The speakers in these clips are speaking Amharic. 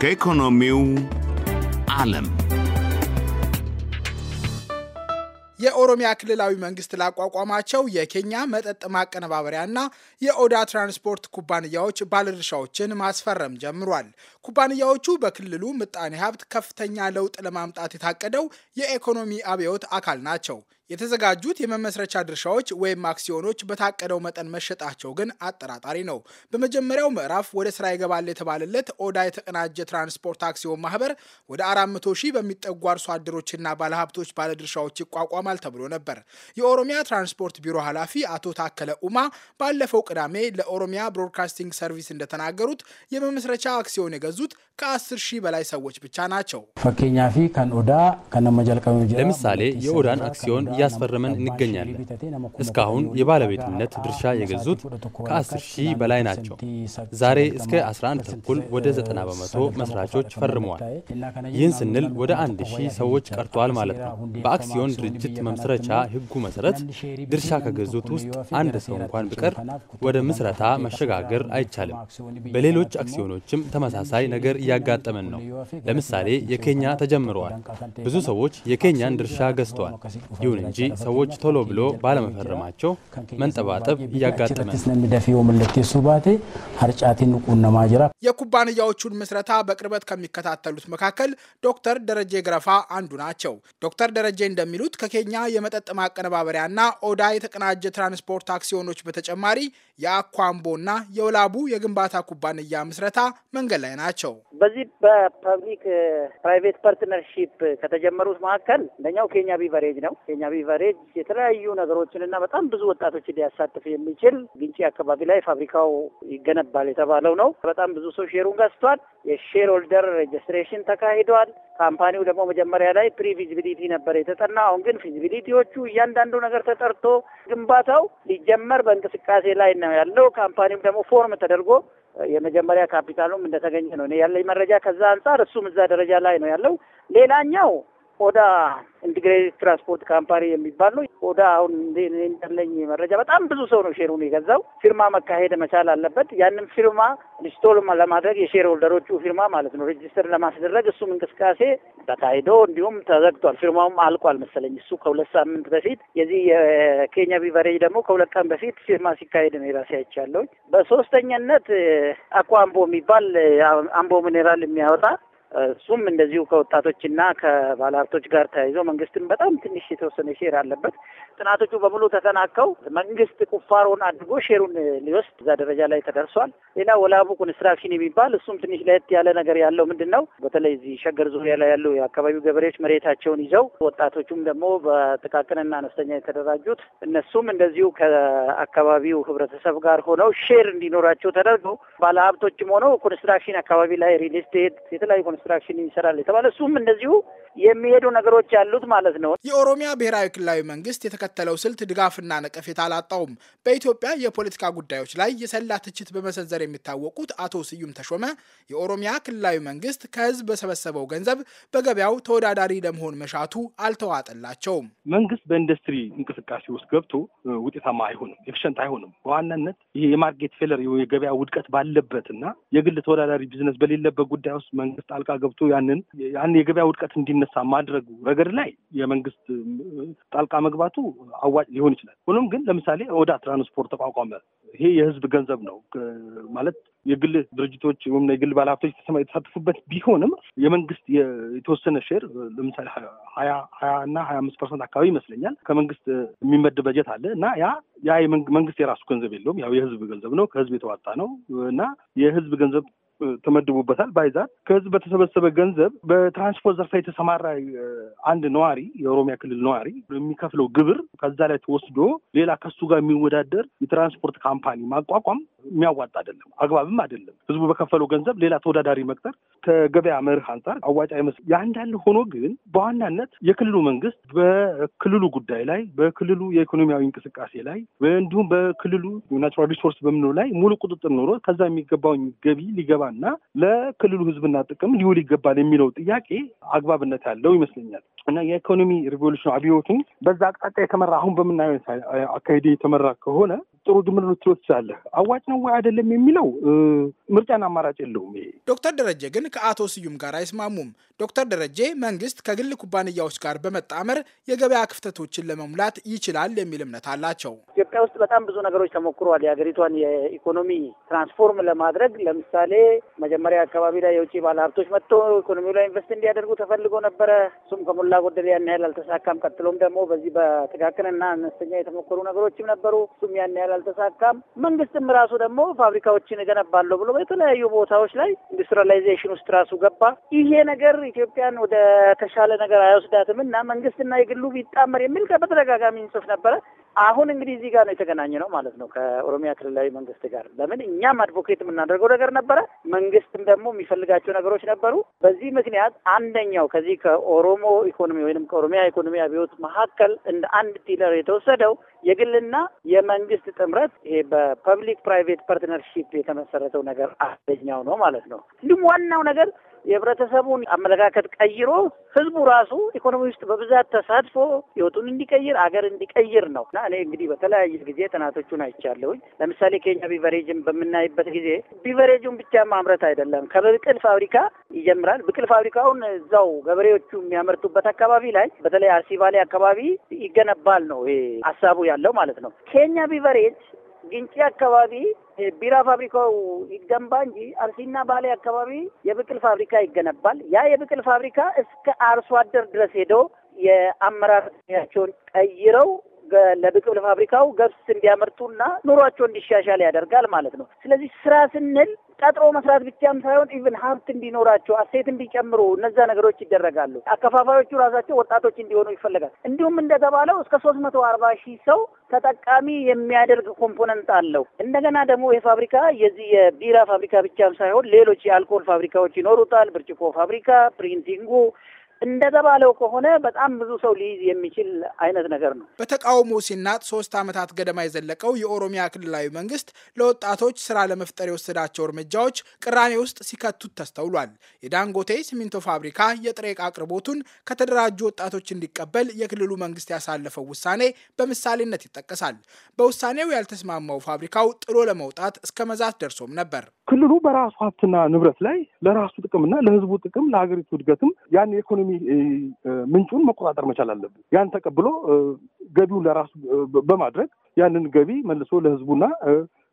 ከኢኮኖሚው ዓለም የኦሮሚያ ክልላዊ መንግስት ላቋቋማቸው የኬኛ መጠጥ ማቀነባበሪያና የኦዳ ትራንስፖርት ኩባንያዎች ባለድርሻዎችን ማስፈረም ጀምሯል። ኩባንያዎቹ በክልሉ ምጣኔ ሀብት ከፍተኛ ለውጥ ለማምጣት የታቀደው የኢኮኖሚ አብዮት አካል ናቸው። የተዘጋጁት የመመስረቻ ድርሻዎች ወይም አክሲዮኖች በታቀደው መጠን መሸጣቸው ግን አጠራጣሪ ነው። በመጀመሪያው ምዕራፍ ወደ ስራ ይገባል የተባለለት ኦዳ የተቀናጀ ትራንስፖርት አክሲዮን ማህበር ወደ 400 ሺህ በሚጠጉ አርሶ አደሮችና ባለሀብቶች ባለድርሻዎች ይቋቋማል ተብሎ ነበር። የኦሮሚያ ትራንስፖርት ቢሮ ኃላፊ አቶ ታከለ ኡማ ባለፈው ቅዳሜ ለኦሮሚያ ብሮድካስቲንግ ሰርቪስ እንደተናገሩት የመመስረቻ አክሲዮን የገዙት ከ ሺህ በላይ ሰዎች ብቻ ናቸው። ለምሳሌ የኦዳን አክሲዮን እያስፈረመን እንገኛለን። እስካሁን የባለቤትነት ድርሻ የገዙት ከ ሺህ በላይ ናቸው። ዛሬ እስከ 11 ተኩል ወደ 90 በመቶ መስራቾች ፈርመዋል። ይህን ስንል ወደ 1 ሺህ ሰዎች ቀርተዋል ማለት ነው። በአክሲዮን ድርጅት መምስረቻ ህጉ መሰረት ድርሻ ከገዙት ውስጥ አንድ ሰው እንኳን ቢቀር ወደ ምስረታ መሸጋገር አይቻልም። በሌሎች አክሲዮኖችም ተመሳሳይ ነገር እያጋጠመን ነው። ለምሳሌ የኬኛ ተጀምረዋል። ብዙ ሰዎች የኬኛን ድርሻ ገዝተዋል። ይሁን እንጂ ሰዎች ቶሎ ብሎ ባለመፈረማቸው መንጠባጠብ እያጋጠመን የኩባንያዎቹን ምስረታ በቅርበት ከሚከታተሉት መካከል ዶክተር ደረጀ ግረፋ አንዱ ናቸው። ዶክተር ደረጀ እንደሚሉት ከኬኛ የመጠጥ ማቀነባበሪያና ኦዳ የተቀናጀ ትራንስፖርት አክሲዮኖች በተጨማሪ የአኳምቦና የውላቡ የግንባታ ኩባንያ ምስረታ መንገድ ላይ ናቸው። በዚህ በፐብሊክ ፕራይቬት ፓርትነርሺፕ ከተጀመሩት መካከል አንደኛው ኬንያ ቢቨሬጅ ነው። ኬንያ ቢቨሬጅ የተለያዩ ነገሮችን እና በጣም ብዙ ወጣቶችን ሊያሳትፍ የሚችል ግንጪ አካባቢ ላይ ፋብሪካው ይገነባል የተባለው ነው። በጣም ብዙ ሰው ሼሩን ገዝቷል። የሼር ሆልደር ሬጅስትሬሽን ተካሂዷል። ካምፓኒው ደግሞ መጀመሪያ ላይ ፕሪ ፊዚቢሊቲ ነበር የተጠና። አሁን ግን ፊዚቢሊቲዎቹ እያንዳንዱ ነገር ተጠርቶ ግንባታው ሊጀመር በእንቅስቃሴ ላይ ነው ያለው። ካምፓኒውም ደግሞ ፎርም ተደርጎ የመጀመሪያ ካፒታሉም እንደተገኘ ነው ያለኝ መረጃ ከዛ አንጻር እሱም እዛ ደረጃ ላይ ነው ያለው። ሌላኛው ኦዳ ኢንቴግሬትድ ትራንስፖርት ካምፓኒ የሚባል ነው። ኦዳ አሁን እንዳለኝ መረጃ በጣም ብዙ ሰው ነው ሼሩን የገዛው። ፊርማ መካሄድ መቻል አለበት። ያንም ፊርማ ኢንስቶል ለማድረግ የሼር ሆልደሮቹ ፊርማ ማለት ነው ሬጅስተር ለማስደረግ እሱም እንቅስቃሴ ተካሂዶ እንዲሁም ተዘግቷል። ፊርማውም አልቋል መሰለኝ እሱ ከሁለት ሳምንት በፊት የዚህ የኬንያ ቢቨሬጅ ደግሞ ከሁለት ቀን በፊት ፊርማ ሲካሄድ ነው የራሴ አይቻለሁኝ። በሶስተኛነት አኳ አምቦ የሚባል አምቦ ሚኔራል የሚያወጣ እሱም እንደዚሁ ከወጣቶችና ከባለሀብቶች ጋር ተያይዞ መንግስትም በጣም ትንሽ የተወሰነ ሼር አለበት። ጥናቶቹ በሙሉ ተጠናከው መንግስት ቁፋሮን አድርጎ ሼሩን ሊወስድ እዛ ደረጃ ላይ ተደርሷል። ሌላ ወላቡ ኮንስትራክሽን የሚባል እሱም ትንሽ ለየት ያለ ነገር ያለው ምንድን ነው? በተለይ እዚህ ሸገር ዙሪያ ላይ ያሉ የአካባቢው ገበሬዎች መሬታቸውን ይዘው ወጣቶቹም ደግሞ በጥቃቅንና አነስተኛ የተደራጁት እነሱም እንደዚሁ ከአካባቢው ህብረተሰብ ጋር ሆነው ሼር እንዲኖራቸው ተደርገው ባለሀብቶችም ሆነው ኮንስትራክሽን አካባቢ ላይ ሪል ስቴት የተለያዩ ኮንስትራክሽን ይሰራል የተባለ እሱም እንደዚሁ የሚሄዱ ነገሮች ያሉት ማለት ነው። የኦሮሚያ ብሔራዊ ክልላዊ መንግስት የተከተለው ስልት ድጋፍና ነቀፌታ አላጣውም። በኢትዮጵያ የፖለቲካ ጉዳዮች ላይ የሰላ ትችት በመሰንዘር የሚታወቁት አቶ ስዩም ተሾመ የኦሮሚያ ክልላዊ መንግስት ከህዝብ በሰበሰበው ገንዘብ በገበያው ተወዳዳሪ ለመሆን መሻቱ አልተዋጠላቸውም። መንግስት በኢንዱስትሪ እንቅስቃሴ ውስጥ ገብቶ ውጤታማ አይሆንም፣ ኤፊሸንት አይሆንም። በዋናነት ይሄ የማርኬት ፌለር የገበያ ውድቀት ባለበትና የግል ተወዳዳሪ ቢዝነስ በሌለበት ጉዳይ ውስጥ መንግስት አልቃ ገብቶ ያንን ያን የገበያ ውድቀት እንዲነ እንዲነሳ ማድረጉ ረገድ ላይ የመንግስት ጣልቃ መግባቱ አዋጭ ሊሆን ይችላል። ሆኖም ግን ለምሳሌ ኦዳ ትራንስፖርት ተቋቋመ። ይሄ የህዝብ ገንዘብ ነው ማለት የግል ድርጅቶች ወይም የግል ባለሀብቶች የተሳተፉበት ቢሆንም የመንግስት የተወሰነ ሼር ለምሳሌ ሀያ ሀያ እና ሀያ አምስት ፐርሰንት አካባቢ ይመስለኛል ከመንግስት የሚመድ በጀት አለ እና ያ ያ መንግስት የራሱ ገንዘብ የለውም። ያው የህዝብ ገንዘብ ነው፣ ከህዝብ የተዋጣ ነው እና የህዝብ ገንዘብ ተመድቡበታል። ባይዛ ከህዝብ በተሰበሰበ ገንዘብ በትራንስፖርት ዘርፍ የተሰማራ አንድ ነዋሪ የኦሮሚያ ክልል ነዋሪ የሚከፍለው ግብር ከዛ ላይ ተወስዶ ሌላ ከሱ ጋር የሚወዳደር የትራንስፖርት ካምፓኒ ማቋቋም የሚያዋጣ አይደለም፣ አግባብም አይደለም። ህዝቡ በከፈለው ገንዘብ ሌላ ተወዳዳሪ መቅጠር ከገበያ መርህ አንጻር አዋጭ አይመስልም። ያ ሆኖ ግን በዋናነት የክልሉ መንግስት በክልሉ ጉዳይ ላይ በክልሉ የኢኮኖሚያዊ እንቅስቃሴ ላይ እንዲሁም በክልሉ ናቹራል ሪሶርስ በምንለው ላይ ሙሉ ቁጥጥር ኖሮ ከዛ የሚገባውን ገቢ ሊገባና ለክልሉ ህዝብና ጥቅም ሊውል ይገባል የሚለው ጥያቄ አግባብነት ያለው ይመስለኛል እና የኢኮኖሚ ሪቮሉሽን አብዮቱን በዛ አቅጣጫ የተመራ አሁን በምናየው አካሄድ የተመራ ከሆነ ጥሩ ድምር ትወስዳለህ። አዋጭ ነው ወይ አይደለም የሚለው ምርጫን አማራጭ የለውም። ዶክተር ደረጀ ግን ከአቶ ስዩም ጋር አይስማሙም። ዶክተር ደረጀ መንግስት ከግል ኩባንያዎች ጋር በመጣመር የገበያ ክፍተቶችን ለመሙላት ይችላል የሚል እምነት አላቸው። ኢትዮጵያ ውስጥ በጣም ብዙ ነገሮች ተሞክረዋል። የሀገሪቷን የኢኮኖሚ ትራንስፎርም ለማድረግ ለምሳሌ መጀመሪያ አካባቢ ላይ የውጭ ባለሀብቶች መጥቶ ኢኮኖሚው ላይ ኢንቨስት እንዲያደርጉ ተፈልጎ ነበረ። እሱም ከሞላ ጎደል ያን ያህል አልተሳካም። ቀጥሎም ደግሞ በዚህ በጥቃቅንና አነስተኛ የተሞከሩ ነገሮችም ነበሩ። እሱም ያን ያህል አልተሳካም። መንግስትም ራሱ ደግሞ ፋብሪካዎችን እገነባለሁ ብሎ በተለያዩ ቦታዎች ላይ ኢንዱስትሪላይዜሽን ውስጥ ራሱ ገባ። ይሄ ነገር ኢትዮጵያን ወደ ተሻለ ነገር አይወስዳትም እና መንግስትና የግሉ ቢጣመር የሚል በተደጋጋሚ እንጽፍ ነበረ። አሁን እንግዲህ እዚህ ጋር ነው የተገናኘ ነው ማለት ነው ከኦሮሚያ ክልላዊ መንግስት ጋር። ለምን እኛም አድቮኬት የምናደርገው ነገር ነበረ፣ መንግስትም ደግሞ የሚፈልጋቸው ነገሮች ነበሩ። በዚህ ምክንያት አንደኛው ከዚህ ከኦሮሞ ኢኮኖሚ ወይም ከኦሮሚያ ኢኮኖሚ አብዮት መካከል እንደ አንድ ፒለር የተወሰደው የግልና የመንግስት ጥምረት ይሄ በፐብሊክ ፕራይቬት ፓርትነርሺፕ የተመሰረተው ነገር አንደኛው ነው ማለት ነው። እንዲሁም ዋናው ነገር የህብረተሰቡን አመለካከት ቀይሮ ህዝቡ ራሱ ኢኮኖሚ ውስጥ በብዛት ተሳትፎ ህይወቱን እንዲቀይር አገር እንዲቀይር ነው እና እኔ እንግዲህ በተለያየ ጊዜ ጥናቶቹን አይቻለሁኝ። ለምሳሌ ኬንያ ቢቨሬጅን በምናይበት ጊዜ ቢቨሬጁን ብቻ ማምረት አይደለም፣ ከብቅል ፋብሪካ ይጀምራል። ብቅል ፋብሪካውን እዛው ገበሬዎቹ የሚያመርቱበት አካባቢ ላይ በተለይ አርሲ ባሌ አካባቢ ይገነባል ነው ይሄ ሀሳቡ ያለው ማለት ነው። ኬንያ ቢቨሬጅ ግንጪ አካባቢ ቢራ ፋብሪካው ይገንባ እንጂ አርሲና ባሌ አካባቢ የብቅል ፋብሪካ ይገነባል። ያ የብቅል ፋብሪካ እስከ አርሶ አደር ድረስ ሄዶ የአመራር ያቸውን ቀይረው ለብቅብ ፋብሪካው ገብስ እንዲያመርቱና ኑሯቸው እንዲሻሻል ያደርጋል ማለት ነው። ስለዚህ ስራ ስንል ቀጥሮ መስራት ብቻም ሳይሆን ኢቭን ሀብት እንዲኖራቸው አሴት እንዲጨምሩ እነዛ ነገሮች ይደረጋሉ። አከፋፋዮቹ ራሳቸው ወጣቶች እንዲሆኑ ይፈለጋል። እንዲሁም እንደተባለው እስከ ሶስት መቶ አርባ ሺህ ሰው ተጠቃሚ የሚያደርግ ኮምፖነንት አለው። እንደገና ደግሞ ይህ ፋብሪካ የዚህ የቢራ ፋብሪካ ብቻም ሳይሆን ሌሎች የአልኮል ፋብሪካዎች ይኖሩታል። ብርጭቆ ፋብሪካ፣ ፕሪንቲንጉ እንደተባለው ከሆነ በጣም ብዙ ሰው ሊይዝ የሚችል አይነት ነገር ነው። በተቃውሞ ሲናጥ ሶስት ዓመታት ገደማ የዘለቀው የኦሮሚያ ክልላዊ መንግስት ለወጣቶች ስራ ለመፍጠር የወሰዳቸው እርምጃዎች ቅራኔ ውስጥ ሲከቱት ተስተውሏል። የዳንጎቴ ሲሚንቶ ፋብሪካ የጥሬ ዕቃ አቅርቦቱን ከተደራጁ ወጣቶች እንዲቀበል የክልሉ መንግስት ያሳለፈው ውሳኔ በምሳሌነት ይጠቀሳል። በውሳኔው ያልተስማማው ፋብሪካው ጥሎ ለመውጣት እስከ መዛት ደርሶም ነበር። ክልሉ በራሱ ሀብትና ንብረት ላይ ለራሱ ጥቅምና ለህዝቡ ጥቅም ለሀገሪቱ እድገትም ያን የኢኮኖሚ ምንጩን መቆጣጠር መቻል አለብን። ያን ተቀብሎ ገቢውን ለራሱ በማድረግ ያንን ገቢ መልሶ ለህዝቡና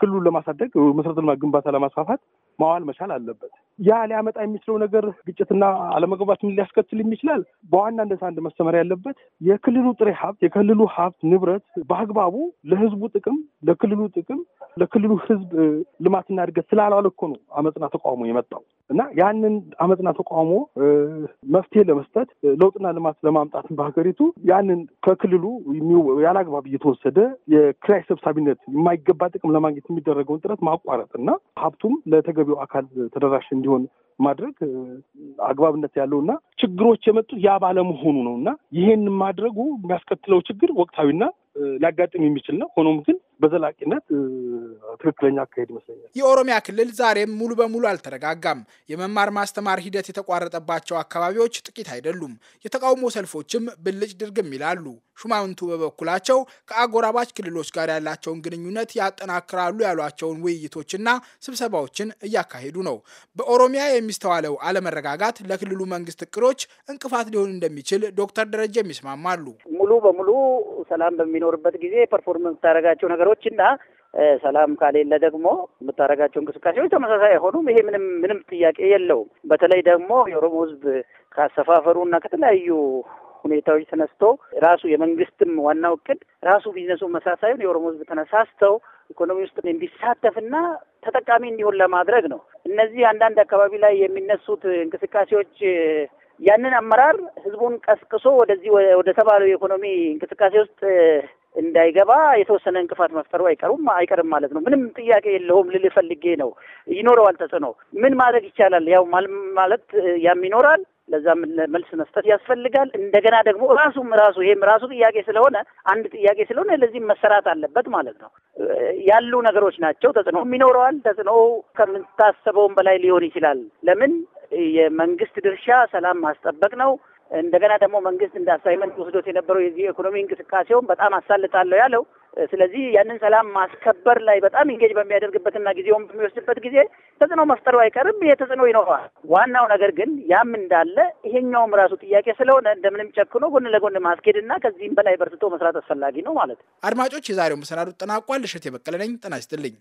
ክልሉን ለማሳደግ መሰረተ ልማት ግንባታ ለማስፋፋት ማዋል መቻል አለበት። ያ ሊያመጣ የሚችለው ነገር ግጭትና ምን ሊያስከትል ይችላል። በዋናነት አንድ መስተመር ያለበት የክልሉ ጥሬ ሀብት የክልሉ ሀብት ንብረት በአግባቡ ለህዝቡ ጥቅም ለክልሉ ጥቅም ለክልሉ ህዝብ ልማትና እድገት ስላላዋለ እኮ ነው አመፅና ተቃውሞ የመጣው እና ያንን አመፅና ተቃውሞ መፍትሄ ለመስጠት ለውጥና ልማት ለማምጣት በሀገሪቱ ያንን ከክልሉ ያለ አግባብ እየተወሰደ የኪራይ ሰብሳቢነት የማይገባ ጥቅም ለማግኘት የሚደረገውን ጥረት ማቋረጥ እና ሀብቱም ለተገ ለተገቢው አካል ተደራሽ እንዲሆን ማድረግ አግባብነት ያለው እና ችግሮች የመጡት ያ ባለመሆኑ ነው እና ይህን ማድረጉ የሚያስከትለው ችግር ወቅታዊና ሊያጋጥም የሚችል ነው። ሆኖም ግን በዘላቂነት ትክክለኛ አካሄድ ይመስለኛል። የኦሮሚያ ክልል ዛሬም ሙሉ በሙሉ አልተረጋጋም። የመማር ማስተማር ሂደት የተቋረጠባቸው አካባቢዎች ጥቂት አይደሉም። የተቃውሞ ሰልፎችም ብልጭ ድርግም ይላሉ። ሹማምንቱ በበኩላቸው ከአጎራባች ክልሎች ጋር ያላቸውን ግንኙነት ያጠናክራሉ ያሏቸውን ውይይቶችና ስብሰባዎችን እያካሄዱ ነው። በኦሮሚያ የሚስተዋለው አለመረጋጋት ለክልሉ መንግስት እቅዶች እንቅፋት ሊሆን እንደሚችል ዶክተር ደረጀም ይስማማሉ። ሙሉ በሙሉ ሰላም በሚኖርበት ጊዜ ፐርፎርመንስ ታደረጋቸው ነገሮች እና ሰላም ካሌለ ደግሞ የምታደርጋቸው እንቅስቃሴዎች ተመሳሳይ አይሆኑም። ይሄ ምንም ምንም ጥያቄ የለውም። በተለይ ደግሞ የኦሮሞ ካሰፋፈሩ ካሰፋፈሩና ከተለያዩ ሁኔታዎች ተነስቶ ራሱ የመንግስትም ዋናው እቅድ ራሱ ቢዝነሱን መስራት ሳይሆን የኦሮሞ ህዝብ ተነሳስተው ኢኮኖሚ ውስጥ እንዲሳተፍና ተጠቃሚ እንዲሆን ለማድረግ ነው። እነዚህ አንዳንድ አካባቢ ላይ የሚነሱት እንቅስቃሴዎች ያንን አመራር ህዝቡን ቀስቅሶ ወደዚህ ወደ ተባለው የኢኮኖሚ እንቅስቃሴ ውስጥ እንዳይገባ የተወሰነ እንቅፋት መፍጠሩ አይቀሩም አይቀርም ማለት ነው። ምንም ጥያቄ የለውም ልል ፈልጌ ነው። ይኖረዋል ተጽዕኖ። ምን ማድረግ ይቻላል? ያው ማለት ያም ይኖራል ለዛም መልስ መስጠት ያስፈልጋል። እንደገና ደግሞ ራሱም ራሱ ይሄም ራሱ ጥያቄ ስለሆነ አንድ ጥያቄ ስለሆነ ለዚህም መሰራት አለበት ማለት ነው። ያሉ ነገሮች ናቸው። ተጽዕኖም ይኖረዋል። ተጽዕኖ ከምታሰበውም በላይ ሊሆን ይችላል። ለምን የመንግስት ድርሻ ሰላም ማስጠበቅ ነው። እንደገና ደግሞ መንግስት እንደ አሳይመንት ወስዶት የነበረው የዚህ ኢኮኖሚ እንቅስቃሴውን በጣም አሳልጣለሁ ያለው ስለዚህ ያንን ሰላም ማስከበር ላይ በጣም ኢንጌጅ በሚያደርግበትና ጊዜውን በሚወስድበት ጊዜ ተጽዕኖ መፍጠሩ አይቀርም። ይሄ ተጽዕኖ ይኖረዋል። ዋናው ነገር ግን ያም እንዳለ ይሄኛውም ራሱ ጥያቄ ስለሆነ እንደምንም ጨክኖ ጎን ለጎን ማስኬድና ከዚህም በላይ በርትቶ መስራት አስፈላጊ ነው ማለት ነው። አድማጮች፣ የዛሬው መሰናዱ ጠናቋል። እሸት የበቀለ ነኝ። ጤና ይስጥልኝ።